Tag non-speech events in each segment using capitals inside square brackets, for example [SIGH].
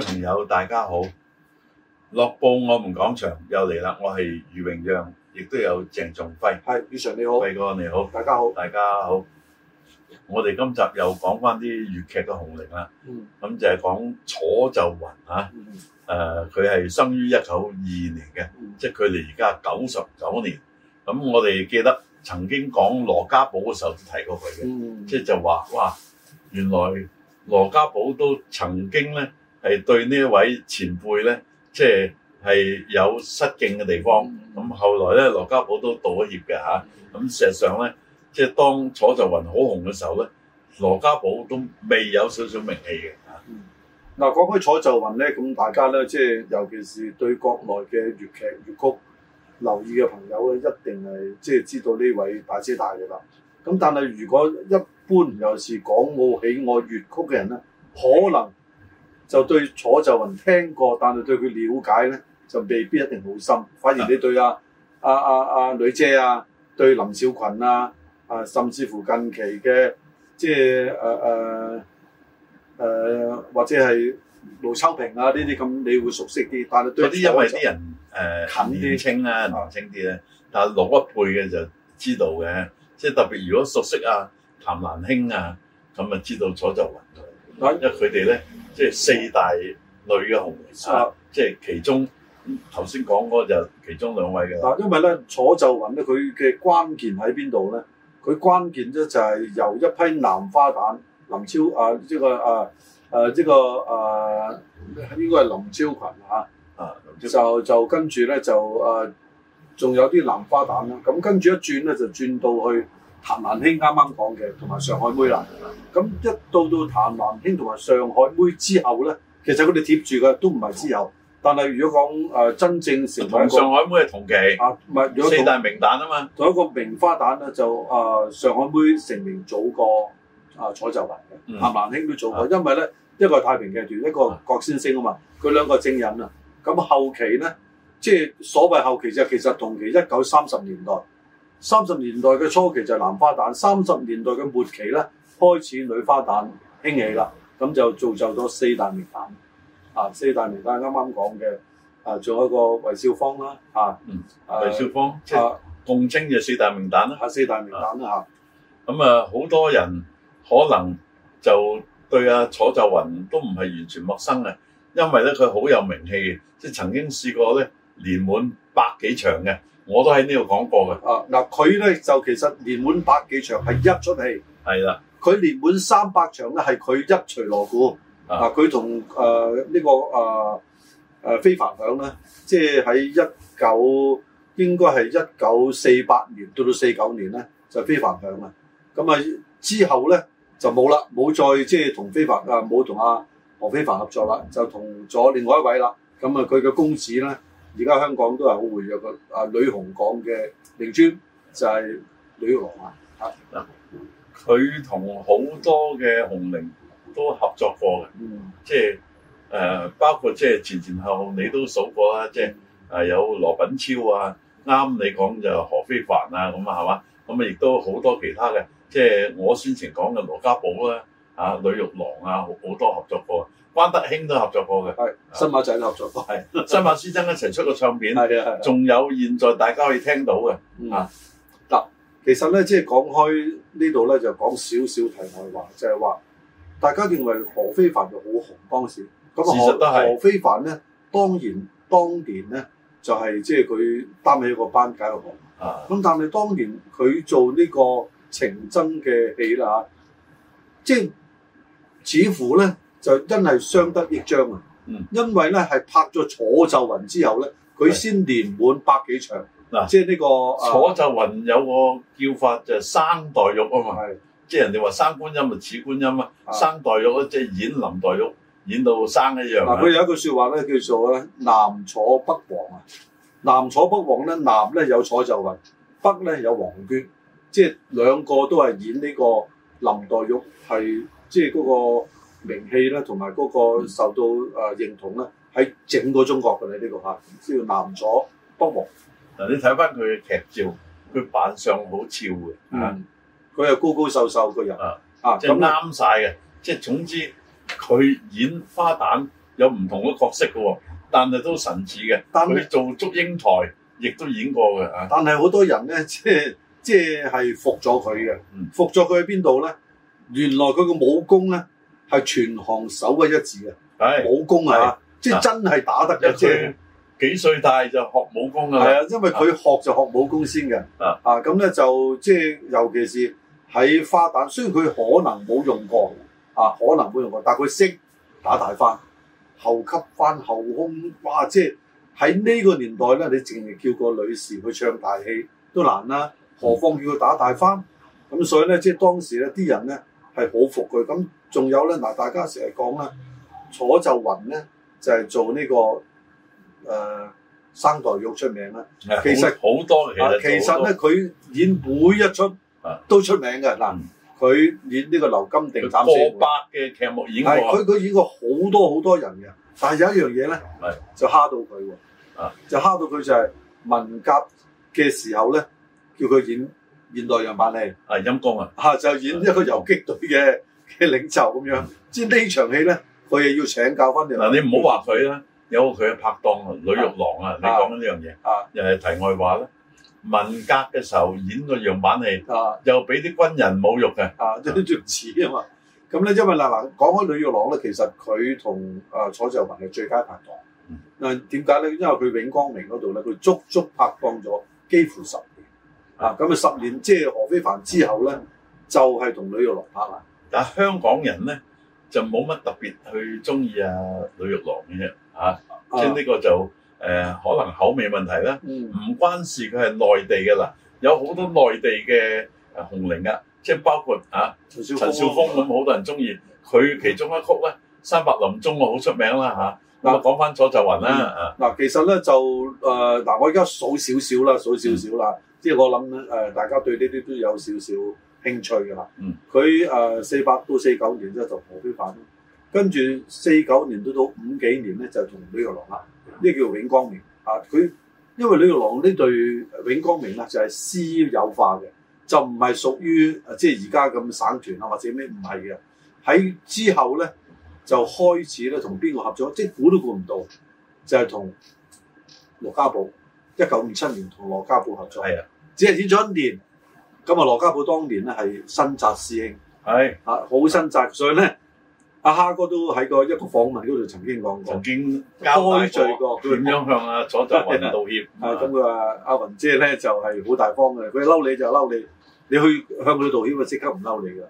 朋友大家好，樂報我們講場又嚟啦！我係余榮陽，亦都有鄭仲輝，係李 Sir 你好，輝哥你好，大家好，大家好。我哋今集又講翻啲粵劇嘅紅伶啦，咁、嗯、就係講楚岫雲、嗯、啊，誒，佢係生於一九二二年嘅，即係佢哋而家九十九年。咁我哋記得曾經講羅家寶嘅時候都提過佢嘅、嗯，即係就話哇，原來羅家寶都曾經咧。係對呢一位前輩咧，即係係有失敬嘅地方。咁後來咧，羅家寶都道歉嘅吓。咁事實上咧，即係當楚岫雲好紅嘅時候咧，羅家寶都未有少少名氣嘅嚇。嗱、嗯，講起楚岫雲咧，咁大家咧，即係尤其是對國內嘅粵劇粵曲留意嘅朋友咧，一定係即係知道呢位大姐大嘅啦。咁但係如果一般尤其是港澳喜愛粵曲嘅人咧，可能。就對楚岫雲聽過，但係對佢了解咧，就未必一定好深。反而你對阿阿阿阿女姐啊，對林小群啊，啊甚至乎近期嘅即係呃呃誒或者係盧秋萍啊呢啲咁，你會熟悉啲。但係對啲因為啲人誒、呃、年青啊、年青啲咧，但係老一輩嘅就知道嘅，即、就、係、是、特別如果熟悉啊，譚蘭卿啊，咁啊知道楚岫雲、嗯、因為佢哋咧。嗯即係四大女嘅紅人，即係其中頭先講嗰就其中兩位嘅，啦。因為咧，楚岫雲咧，佢嘅關鍵喺邊度咧？佢關鍵咧就係由一批男花旦，林超啊，呢個啊啊，呢個啊，應該係林超群嚇，啊，林超群，就就跟住咧就啊，仲有啲男花旦啦。咁、嗯、跟住一轉咧，就轉到去。譚蘭卿啱啱講嘅，同埋上海妹啦。咁、嗯、一到到譚蘭卿同埋上海妹之後咧，其實佢哋貼住嘅都唔係之後。但係如果講誒、呃、真正成名，上海妹係同期啊，唔係四大名蛋啊嘛。同一個名花旦咧就誒、呃、上海妹成名早過誒楚岫雲嘅，譚蘭卿都早過。嗯、因為咧一個太平劇團，一個,一個覺先聲啊嘛，佢、嗯、兩個正人啊。咁後期咧，即係所謂後期就是、其實同期一九三十年代。三十年代嘅初期就係男花旦，三十年代嘅末期咧開始女花旦興起啦，咁就造就咗四大名旦。啊，四大名旦啱啱講嘅，啊仲有一個衛少芳啦，啊，嗯，衛少芳，啊，即共稱嘅四大名旦啦，嚇、啊，四大名旦啦嚇。咁啊，好、啊啊、多人可能就對阿、啊、楚岫雲都唔係完全陌生嘅，因為咧佢好有名氣嘅，即係曾經試過咧連滿百幾場嘅。我都喺呢度講過嘅。啊，嗱佢咧就其實連滿百幾場係一出戲。係啦，佢連滿三百場咧係佢一槌鑼鼓。啊，佢同誒呢個誒、呃呃、非凡響咧，即係喺一九應該係一九四八年到到四九年咧就非凡響啦。咁啊之後咧就冇啦，冇再即係同非凡啊冇同阿何非凡合作啦，就同咗另外一位啦。咁啊佢嘅公子咧。而家香港都係好活躍嘅，啊，女紅講嘅明珠就係呂玉郎啊，啊，佢同好多嘅紅伶都合作過嘅，嗯，即係誒，包括即係前前後後你都數過啦，即係啊，有羅品超啊，啱你講就何非凡啊咁啊，係嘛，咁啊亦都好多其他嘅，即係我先前講嘅羅家寶啦，啊，呂玉郎啊，好好多合作過。關德興都合作過嘅，新馬仔都合作過，係 [LAUGHS] 新馬先生一齊出個唱片，啊，仲有現在大家可以聽到嘅、嗯、啊。嗱，其實咧，即係講開呢度咧，就講少少題外話，就係、是、話大家認為何非凡就好紅當時紅。咁、嗯、何其實都何非凡咧，當然當年咧就係即係佢擔起一個班解嘅紅咁、嗯、但係當年佢做呢個情真嘅戲啦，即、啊、係、就是、似乎咧。就真係相得益彰啊！因為咧係拍咗《楚岫雲》之後咧，佢、嗯、先連滿百幾場。嗱，即係呢個《楚岫雲》有個叫法就係、是、生黛玉啊嘛。即係人哋話生觀音咪似觀音啊，生黛玉即係、就是、演林黛玉，演到生一樣。佢、啊、有一句說話咧，叫做咧南楚北王啊。南楚北王咧，南咧有楚岫雲，北咧有王娟。即、就、係、是、兩個都係演呢個林黛玉，係即係嗰個。名氣咧，同埋嗰個受到誒認同咧，喺、嗯、整個中國嘅咧呢個嚇，即係南左北王。嗱，你睇翻佢嘅劇照，佢扮相好俏嘅，佢、嗯、係、嗯、高高瘦瘦個人、啊，啊，即係啱晒嘅。即、啊、係、嗯、總之，佢演花旦有唔同嘅角色㗎喎，但係都神似嘅。但佢做祝英台，亦都演過嘅、嗯、但係好多人咧，即係即係係服咗佢嘅，服咗佢喺邊度咧？原來佢個武功咧。係全行首屈一指嘅武功啊，即係真係打得嘅。即幾歲大就學武功啊？係啊，因為佢學就學武功先嘅。啊，咁、啊、咧就即係，尤其是喺花旦，雖然佢可能冇用過，啊，可能冇用過，但係佢識打大翻、後級翻、後空，哇！即係喺呢個年代咧，你淨係叫個女士去唱大戲都難啦，何況叫佢打大翻？咁所以咧，即係當時咧啲人咧。係好服佢，咁仲有咧嗱，大家成日講啦，楚岫雲呢就雲咧就係做呢、這個誒、呃、生代玉出名啦。其實好多、啊、多其實呢、咧，佢演每一出都出名嘅。嗱，佢演呢個《劉金定斬四門》千百嘅劇目演過，係佢佢演過好多好多人嘅，但係有一樣嘢咧，就蝦到佢喎，就蝦到佢就係文革嘅時候咧，叫佢演。現代樣板戲，啊陰功啊，嚇、啊、就演一個游擊隊嘅嘅領袖咁樣，即係呢場戲咧，佢又要請教返你。嗱、啊、你唔好話佢啦，有佢嘅拍檔啊，呂玉郎啊，你講緊呢樣嘢啊，又係題外話啦。文革嘅時候演個樣板戲啊，又俾啲軍人侮辱嘅啊，一啲都唔似啊嘛。咁咧因為嗱嗱講開呂玉郎咧，其實佢同啊楚岫雲係最佳拍檔。嗱，點解咧？因為佢永光明嗰度咧，佢足足拍檔咗幾乎十。啊，咁佢十年即係、就是、何非凡之後咧，就係同呂玉郎拍啦。但香港人咧就冇乜特別去中意啊呂玉郎嘅啫，即、啊、呢、啊這個就誒、呃、可能口味問題啦。唔、嗯、關事，佢係內地嘅啦，有好多內地嘅紅伶啊、嗯、啊，即包括嚇、啊、陳笑風、啊，咁好、啊、多人中意，佢其中一曲咧《山伯臨終》我好出名啦嗱，講翻楚岫雲啦。嗱、嗯嗯，其實咧就誒嗱、呃，我而家數少少啦，數少少啦。即係我諗誒、呃，大家對呢啲都有少少興趣㗎啦。嗯，佢誒四百到四九年之後就和平反，跟住四九年到到五幾年咧就同李玉郎啦。呢、嗯、叫永光明啊，佢因為李玉郎呢對永光明咧就係、是、私有化嘅，就唔係屬於即係而家咁省團啊或者咩唔係嘅。喺之後咧。就開始咧，同邊個合作？即係估都估唔到，就係、是、同羅家寶一九五七年同羅家寶合作。係啊，只係演咗一年咁啊。羅家寶當年咧係新紮師兄係啊，好新紮，所以咧阿蝦哥都喺個一個訪問嗰度曾經講過，曾經開罪過點樣向阿楚岫雲道歉啊？咁啊，啊，阿雲姐咧就係、是、好大方嘅，佢嬲你就嬲你，你去向佢道歉啊，即刻唔嬲你㗎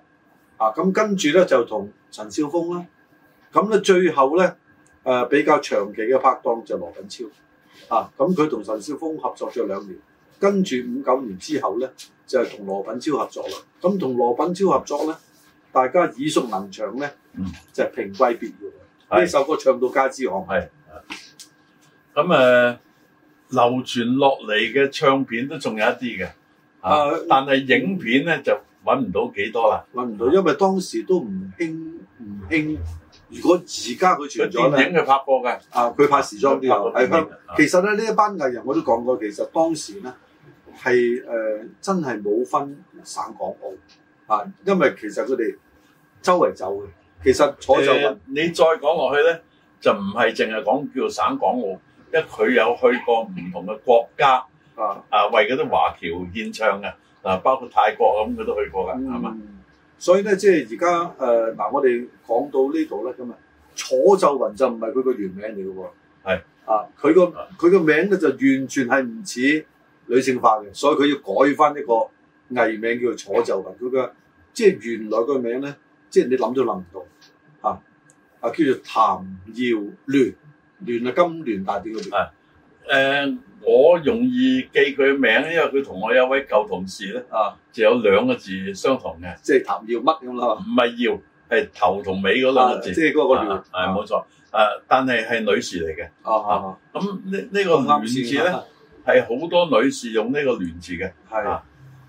啊。咁跟住咧就同陳少峰啦。咁咧最後咧，誒比較長期嘅拍檔就係羅品超，啊，咁佢同陳少峰合作咗兩年，跟住五九年之後咧就係同羅品超合作啦。咁、啊、同羅品超合作咧，大家耳熟能詳咧，就係平《平貴別窰》呢首歌唱到家之行，係。咁誒、啊、流傳落嚟嘅唱片都仲有一啲嘅、啊，啊，但係影片咧、嗯、就揾唔到幾多啦。揾唔到，因為當時都唔興唔興。如果而家佢存在咧，佢電影佢拍過嘅，啊佢拍時裝片，係咪？其實咧呢一班藝人我都講過，其實當時咧係誒真係冇分省港澳啊，因為其實佢哋周圍走嘅，其實坐走、呃，你再講落去咧、嗯，就唔係淨係講叫省港澳，因為佢有去過唔同嘅國家、嗯、啊，為啊為嗰啲華僑獻唱嘅，包括泰國，咁佢都去過噶，係嘛？嗯所以咧，即係而家誒嗱，我哋講到呢度咧咁，啊，今楚岫雲就唔係佢個原名嚟嘅喎，啊，佢個佢個名咧就完全係唔似女性化嘅，所以佢要改翻一個藝名叫做楚岫雲。佢嘅即係原來個名咧，即係你諗都諗唔到，啊啊，叫做譚耀聯聯啊，金聯大典嘅聯。誒、呃，我容易記佢名，因為佢同我有一位舊同事咧，啊，就有兩個字相同嘅，即係頭要乜咁啦？唔係要，係頭同尾嗰兩個字，即係嗰個聯，係冇錯。誒、啊啊，但係係女士嚟嘅，啊啊，咁、啊啊啊啊這個、呢呢個聯字咧，係好、啊、多女士用呢個聯字嘅，係。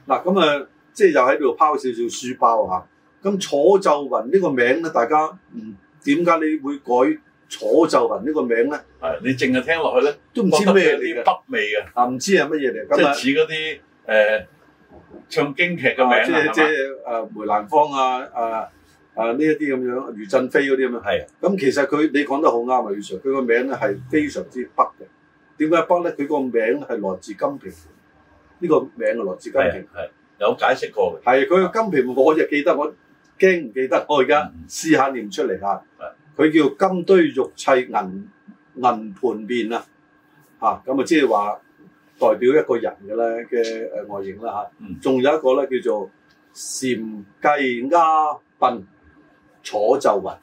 嗱，咁啊，即係又喺度拋少少書包吓。咁、啊、楚岫雲呢個名咧，大家唔，點解你會改？楚岫雲呢個名咧，係你淨係聽落去咧，都唔知咩你北味嘅。啊，唔知係乜嘢嚟？即係似嗰啲誒唱京劇嘅名啊，即係誒、啊、梅蘭芳啊，啊啊呢一啲咁樣，余振飛嗰啲咁樣。係、啊。咁其實佢你講得好啱、這個、啊，余 Sir。佢個名咧係非常之北嘅。點解北咧？佢個名係來自金皮狐。呢個名啊，來自金皮。係有解釋過嘅。係佢個金皮狐，平我亦記得，我驚唔記得。啊、我而家試下唸出嚟嚇。佢叫金堆玉砌銀銀盤面啊！咁啊，即係話代表一個人嘅咧嘅外形啦仲、啊嗯、有一個咧叫做蟬寄鴨鴻楚岫雲，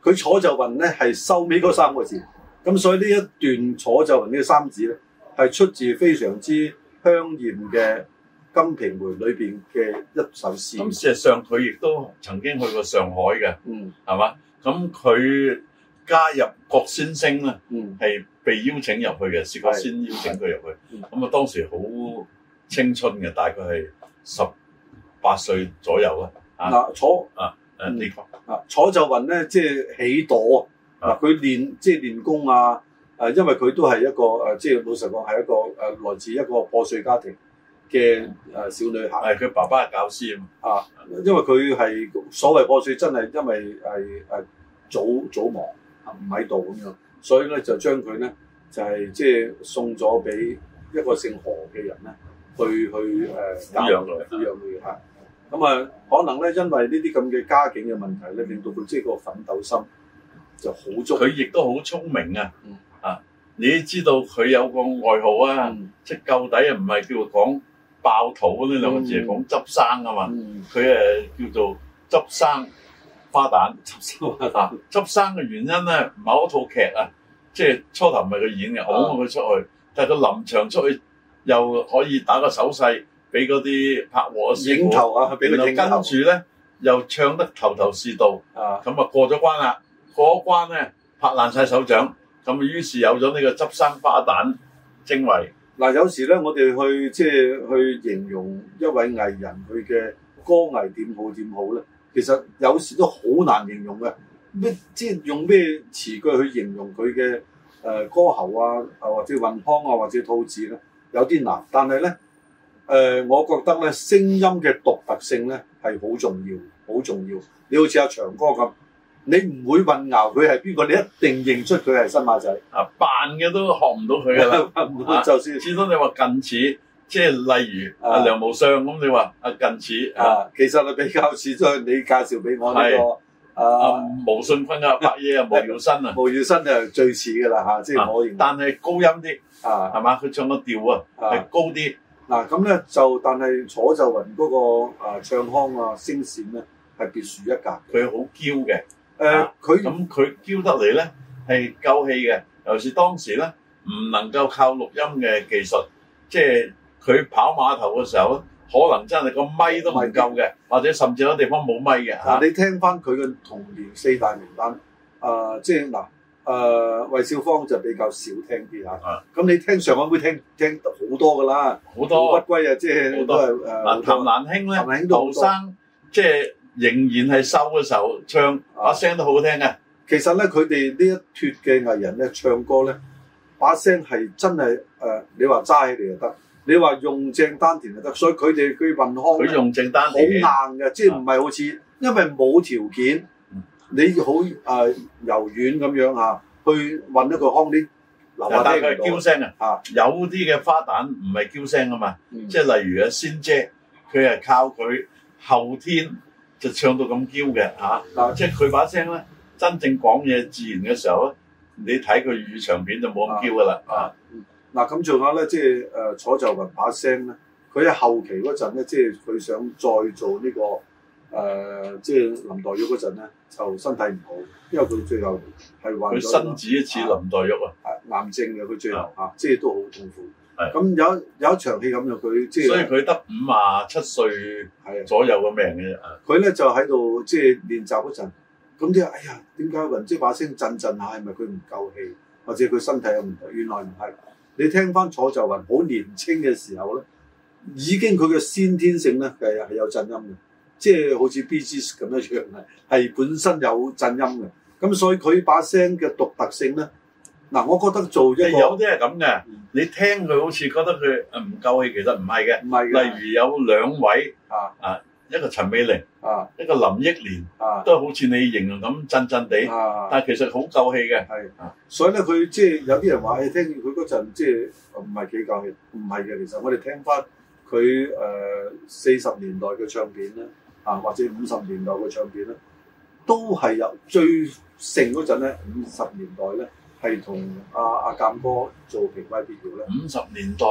佢楚岫雲咧係收尾嗰三個字。咁、嗯、所以呢一段楚岫雲呢個三字咧，係出自非常之香豔嘅《金瓶梅》裏面嘅一首詩。咁事實上，佢亦都曾經去過上海嘅。嗯，係嘛？咁佢加入郭先生咧，係、嗯、被邀請入去嘅，試過先邀請佢入去。咁啊，當時好青春嘅，大概係十八歲左右啦。嗱、嗯，楚啊，嗯啊啊嗯、啊就雲呢個啊楚岫雲咧，即係起朵啊。佢練即係練功啊。誒，因為佢都係一個即係、就是、老實講係一個誒，來自一個破碎家庭。嘅誒小女孩，佢爸爸係教師啊，因為佢係所謂破碎，真係因為係早早亡唔喺度咁樣，所以咧就將佢咧就係即係送咗俾一個姓何嘅人咧去去誒撫養佢，撫養佢、啊、咁啊，可能咧因為呢啲咁嘅家境嘅問題咧，令到佢即係個奮鬥心就好足。佢亦都好聰明啊！啊，你知道佢有個外號啊？嗯、即係到底唔係叫佢講。爆肚呢兩個字係講、嗯、執生啊嘛，佢、嗯、誒叫做執生花旦，執生花旦。啊、執生嘅原因咧，某一套劇啊，即係初頭唔係佢演嘅，冇佢出去，但係佢臨場出去又可以打個手勢，俾嗰啲拍和師傅，影頭啊，俾佢跟住咧，又唱得頭頭是道，咁啊過咗關啦。過關咧，拍爛晒手掌，咁於於是有咗呢個執生花旦稱謂。嗱、啊，有時咧，我哋去即係去形容一位藝人佢嘅歌藝點好點好咧，其實有時都好難形容嘅。咩？即係用咩詞句去形容佢嘅、呃、歌喉啊，或者韻腔啊，或者吐字咧，有啲難。但係咧、呃，我覺得咧，聲音嘅獨特性咧係好重要，好重要。你好似阿祥哥咁。你唔會混淆佢係邊個？你一定認出佢係新馬仔啊！扮嘅都學唔到佢噶啦，就算先生你話近似，即係例如阿梁無相咁，你話阿近似啊，其實係比較似，所以你介紹俾我呢個阿毛信坤嘅阿白野啊，毛耀新啊，毛耀新就係最似噶啦嚇，即係我認。但係高音啲啊，係嘛？佢唱個調啊係高啲嗱，咁咧就，但係楚岫雲嗰個啊唱腔啊聲線咧係別樹一格，佢好嬌嘅。誒佢咁佢叫得嚟咧係夠氣嘅，尤其是當時咧唔能夠靠錄音嘅技術，即係佢跑碼頭嘅時候、嗯，可能真係個咪都唔夠嘅、嗯，或者甚至有地方冇咪嘅。嗱、啊啊，你聽翻佢嘅童年四大名單，誒即係嗱誒魏少芳就比較少聽啲嚇，咁、啊啊、你聽上一輩聽聽好多噶啦，好多乜鬼啊，即係好多誒。嗱、啊啊啊，譚蘭卿咧，後生即係。就是仍然係收嘅時候唱，啊、把聲都好好聽嘅。其實咧，佢哋呢一脱嘅藝人咧，唱歌咧，把聲係真係誒、呃，你話揸起嚟就得，你話用正丹田就得，所以佢哋佢運腔，佢用正丹田難，好硬嘅，即係唔係好似、啊、因為冇條件，你好誒、呃、柔軟咁樣啊，去運一個腔啲。留低佢、嗯、嬌聲啊，有啲嘅花旦唔係嬌聲啊嘛，嗯、即係例如阿、啊、仙姐，佢係靠佢後天。就唱到咁嬌嘅嚇，嗱、啊啊、即係佢把聲咧，真正講嘢自然嘅時候咧，你睇佢粵語長片就冇咁嬌噶啦。啊，嗱咁仲有咧，即係誒楚岫雲、是呃、把聲咧，佢喺後期嗰陣咧，即係佢想再做、這個呃就是、呢個誒，即係林黛玉嗰陣咧，就身體唔好，因為佢最後係患佢身一似林黛玉啊！癌症嘅，佢、啊、最後啊即係、啊就是、都好痛苦。咁有一有一場戲咁就佢，是，所以佢得五十七歲左右嘅命嘅。佢咧就喺度即係練習嗰陣，咁即係哎呀，點解雲姐把聲震震下，係咪佢唔夠氣，或者佢身體又唔？原來唔係，你聽翻楚岫雲好年輕嘅時候咧，已經佢嘅先天性咧係有震音嘅，即、就、係、是、好似 B G S 咁樣係本身有震音嘅。咁所以佢把聲嘅獨特性咧。嗱、啊，我覺得做一個，有啲係咁嘅。你聽佢好似覺得佢唔夠氣，其實唔係嘅。唔係例如有兩位啊啊，一個陳美齡啊，一個林憶蓮，啊，都好似你形容咁震震地、啊，但其實好夠氣嘅。啊，所以咧，佢即係有啲人話，聽住佢嗰陣即係唔係幾夠氣，唔係嘅。其實我哋聽翻佢誒四十年代嘅唱片啦，啊，或者五十年代嘅唱片啦，都係有最盛嗰陣咧，五十年代咧。係同阿阿鑑哥做奇怪必要。咧。五十年代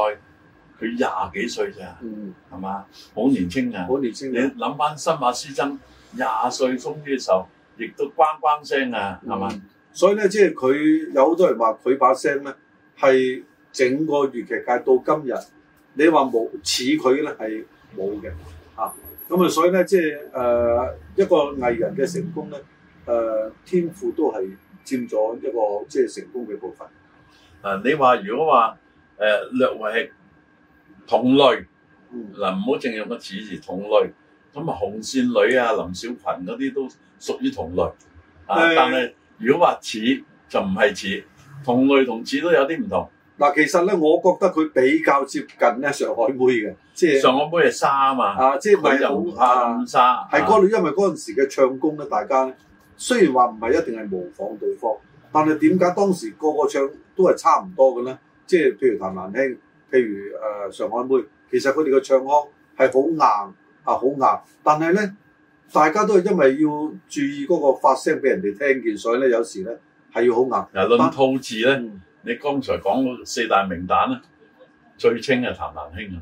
佢廿幾歲咋，係嘛？好、嗯、年輕㗎。好、嗯、年輕嘅。你諗翻新馬師曾廿歲鐘嘅時候，亦都關關聲㗎，係、嗯、嘛？所以咧，即係佢有好多人話佢把聲咧，係整個粵劇界到今日，你話冇似佢咧係冇嘅。咁啊！所以咧，即係誒、呃、一個藝人嘅成功咧，誒、呃、天賦都係。佔咗一個即係、就是、成功嘅部分。啊，你話如果話誒、呃、略為係同類，嗱，唔好淨係用個似字同類，咁啊，紅線女啊、林小群嗰啲都屬於同類。啊，但係如果話似就唔係似，同類同似都有啲唔同。嗱、啊，其實咧，我覺得佢比較接近咧，上海妹嘅，即、就、係、是、上海妹係沙啊嘛。啊，即係咪又啊沙係嗰，因為嗰陣時嘅唱功咧，大家呢雖然話唔係一定係模仿對方，但係點解當時個個唱都係差唔多嘅咧？即係譬如譚蘭卿，譬如誒上海妹，其實佢哋嘅唱腔係好硬啊，好硬。但係咧，大家都係因為要注意嗰個發聲俾人哋聽見，所以咧有時咧係要好硬。嗱，論吐字咧，你剛才講四大名旦咧，最清係譚蘭卿啊，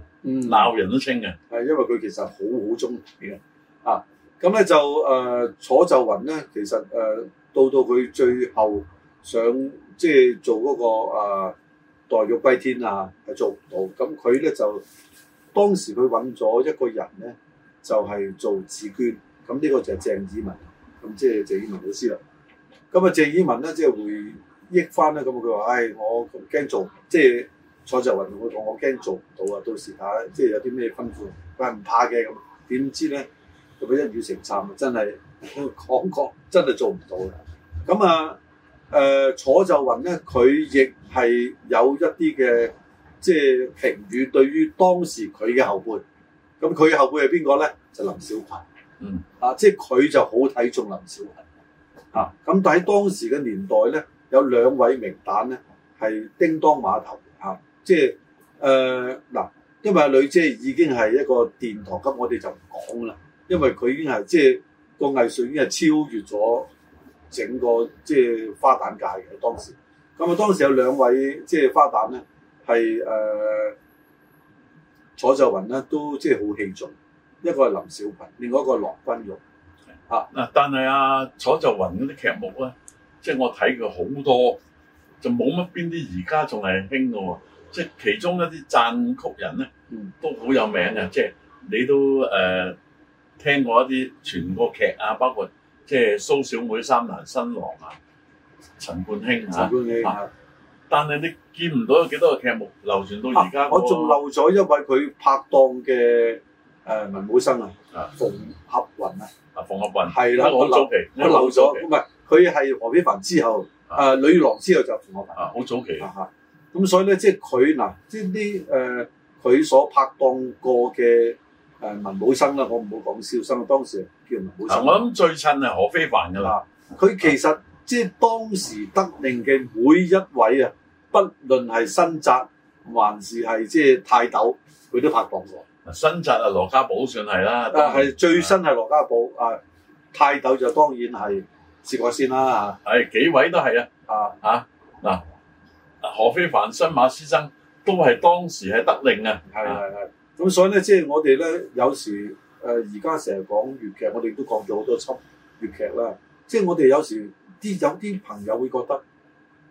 鬧、嗯、人都清嘅。係因為佢其實好好中嘅啊。咁咧就誒、呃、楚岫雲咧，其實誒、呃、到到佢最後想即係做嗰、那個、呃、黛玉歸天啦、啊、係做唔到。咁佢咧就當時佢揾咗一個人咧，就係、是、做紫鵑。咁呢個就係鄭以文，咁即係鄭以文老師啦。咁啊，鄭以文咧即係回憶翻啦。咁佢話：唉、哎，我驚做，即係楚岫雲，我我驚做唔到啊！到時嚇、啊，即係有啲咩吩咐，佢係唔怕嘅。咁點知咧？做乜一語成讖啊！真係講講真係做唔到嘅。咁啊誒，楚岫雲咧，佢亦係有一啲嘅即評語，對於當時佢嘅後輩。咁佢後輩係邊個咧？就是、林小群，嗯。啊，即佢就好睇中林小群。啊，咁但喺當時嘅年代咧，有兩位名旦咧係叮當馬頭嚇、啊，即誒嗱、呃，因為阿女姐已經係一個殿堂級，咁我哋就唔講啦。因為佢已經係即係個藝術已經係超越咗整個即係、就是、花旦界嘅當時。咁啊，當時有兩位即係、就是、花旦咧，係誒、呃、楚岫雲咧，都即係好器重。一個係林少萍，另外一個係羅君玉。啊嗱，但係阿楚岫雲嗰啲劇目咧，即係我睇過好多，就冇乜邊啲而家仲係興嘅喎。即係其中一啲撰曲人咧，都好有名嘅、嗯。即係你都誒。呃聽過一啲全國劇啊，包括即係蘇小妹、三難、新郎啊，陳冠卿啊，冠、啊、卿、啊、但係你見唔到有幾多個劇目流傳到而家、啊？我仲漏咗一位佢拍檔嘅誒、啊呃、文武生啊，啊馮合雲啊，啊馮合雲係啦，我早期，我漏咗，唔係佢係何非凡之後，誒呂玉郎之後就馮合雲，啊好早期，咁所以咧，即係佢嗱，呢啲誒佢所拍檔過嘅。誒文武生啦，我唔好講笑。生啊。當時叫文武生。我諗最襯係何非凡㗎啦。佢其實、啊、即係當時得令嘅每一位啊，不論係新紮還是係即係泰斗，佢都拍檔過。新紮啊，羅家寶算係啦。但係、啊、最新係羅家寶啊，泰斗就當然係薛覺先啦。誒幾位都係啊。啊啊嗱、啊，何非凡、新馬師曾都係當時係得令啊。係係係。咁所以咧，即係我哋咧，有時誒而家成日講粵劇，我哋都講咗好多齣粵劇啦。即係我哋有時啲有啲朋友會覺得，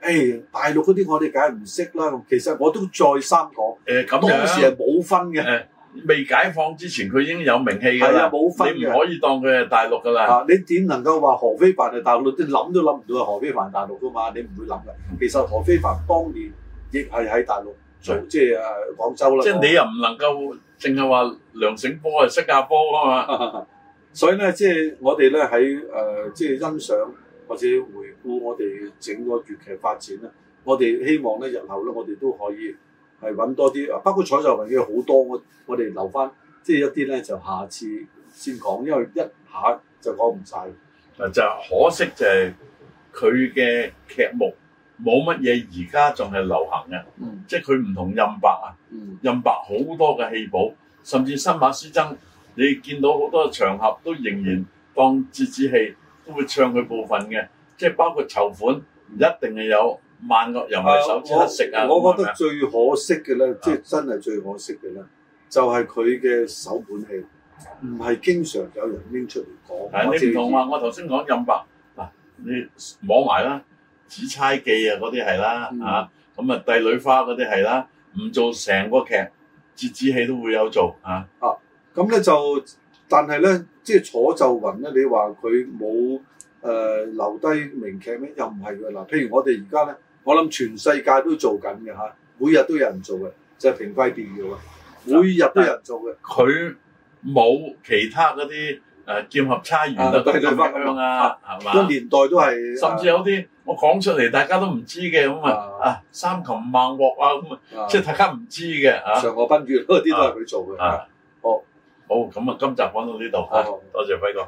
誒大陸嗰啲我哋梗係唔識啦。其實我都再三講，咁樣當時係冇分嘅，未解放之前佢已經有名氣㗎啦。你唔可以當佢係大陸㗎啦。啊，你點能夠話何非凡係大陸？你諗都諗唔到係何非凡係大陸㗎嘛？你唔會諗嘅。其實何非凡當年亦係喺大陸。即係誒廣州啦，即係你又唔能夠淨係話梁醒波係新加坡啊嘛， [LAUGHS] 所以咧，即係我哋咧，喺誒即係欣賞或者回顧我哋整個粵劇發展咧，我哋希望咧，日後咧，我哋都可以係揾多啲誒，包括彩頭文嘅好多，我我哋留翻即係一啲咧，就下次先講，因為一下就講唔晒，嗱就可惜就係佢嘅劇目。冇乜嘢，而家仲係流行嘅、嗯，即係佢唔同任白啊、嗯，任白好多嘅戲寶，甚至新馬師曾，你見到好多場合都仍然當折子戲都會唱佢部分嘅，即係包括籌款，唔一定係有萬樂人嘅手指食啊，我，啊我覺得最可惜嘅咧，即、啊、係、就是、真係最可惜嘅咧，就係佢嘅手本戲唔係經常有人拎出嚟講、啊。你唔同啊，我頭先講任白，嗱，你摸埋啦。嗯紫釵記啊，嗰啲係啦，嚇、嗯、咁啊，帝女花嗰啲係啦，唔做成個劇，折子戲都會有做啊啊咁咧就，但係咧即係楚岫雲咧，你話佢冇誒留低名劇咩？又唔係㗎嗱。譬如我哋而家咧，我諗全世界都做緊嘅、啊、每日都有人做嘅，就係、是、平貴別窯㗎，每日都有人做嘅。佢、啊、冇其他嗰啲誒劍合釵圓啊，係嘛、啊？啊啊啊、個年代都係、啊，甚至有啲。我講出嚟，大家都唔知嘅咁啊。啊，三擒孟獲啊咁啊，即係大家唔知嘅啊。嫦娥奔月嗰啲都係佢做嘅。哦、啊啊，好咁啊，今集講到呢度，多謝輝哥。